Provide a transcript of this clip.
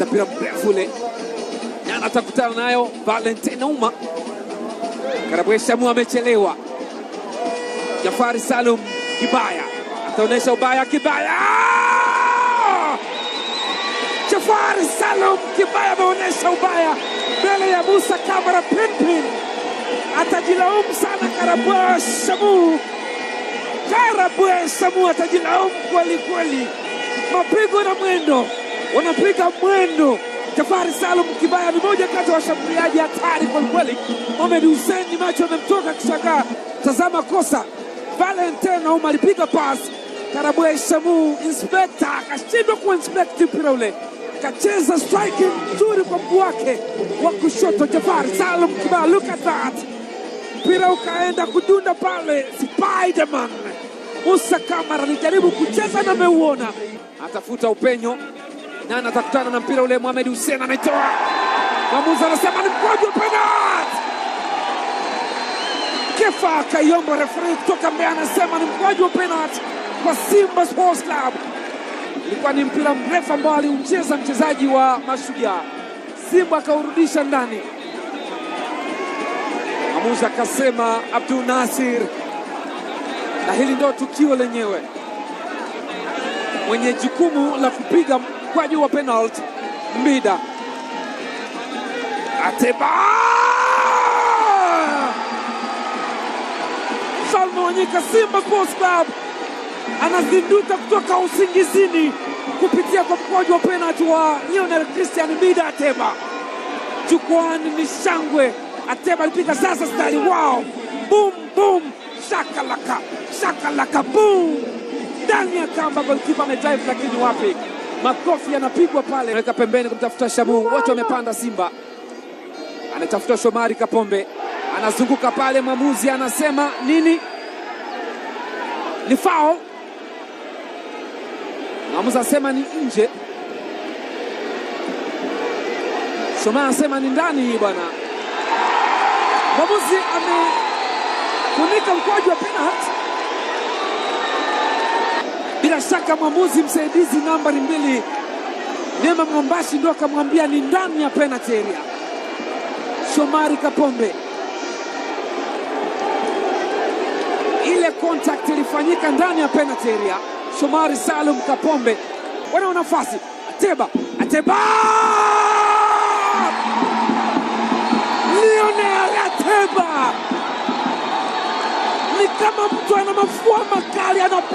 kabisa, mpira mrefu ule, na atakutana nayo Valentine Uma. Karabwe Shamu amechelewa. Jafari Salum Kibaya ataonyesha ubaya. Kibaya, Jafari Salum Kibaya ameonyesha ubaya mbele ya Musa Kamara Pinpin. Atajilaumu sana Karabwe Shamu, Karabwe Shamu atajilaumu kweli kweli, mapigo na mwendo wanapiga mwendo. Jafari Salum Kibaya ni moja kati ya washambuliaji hatari kwelikweli. Mohamed Hussein ni macho amemtoka kishagaa. Tazama kosa, Valentin Nauma alipiga pasi Karabwe Shamu inspekta akashindwa kuinspekti mpira ule, kacheza strike nzuri kwa mguu wake wa kushoto. Jafari Salum Kibaya, look at that, mpira ukaenda kudunda pale. Spiderman Musa Kamara alijaribu kucheza na ameuona, atafuta upenyo na atakutana na mpira ule. Mohamed Hussein anaitoa, mwamuzi anasema ni mkwaju penalti. Kefa Kayombo referee kutoka Mbeya, anasema ni mkwaju penalti kwa Simba Sports Club. Ilikuwa ni mpira mrefu ambao aliucheza mchezaji wa Mashujaa, Simba akaurudisha ndani. Mwamuzi akasema Abdul Nasir, na hili ndio tukio lenyewe mwenye jukumu la kupiga mkwaju wa penalty Mbida Ateba Salma Wanyika, Simba Sports Club anazinduka kutoka usingizini kupitia kwa mkwaju wa penalty wa Lionel Christian Mbida Ateba. Jukwani ni shangwe, Ateba alipiga sasa stari wao, bum bum, shakalaka shakalaka, bum ndani ya kamba, golikipa amedrive, lakini wapi makofi yanapigwa pale, anaweka pembeni kumtafuta Shamu, wote wamepanda. Simba anatafuta Shomari Kapombe, anazunguka pale, mwamuzi anasema nini? Ni fao, mwamuzi anasema ni nje, Shomari anasema ni ndani. Hii bwana, mwamuzi amefunika mkwaju wa penalti. Bila shaka mwamuzi msaidizi nambari mbili Neema Mwambashi ndo akamwambia ni ndani ya penalty area. Shomari Kapombe, ile contact ilifanyika ndani ya penalty area. Shomari Salum Kapombe wanao nafasi, Ateba, Ateba, Lionel Ateba ni kama mtu ana mafua makali ana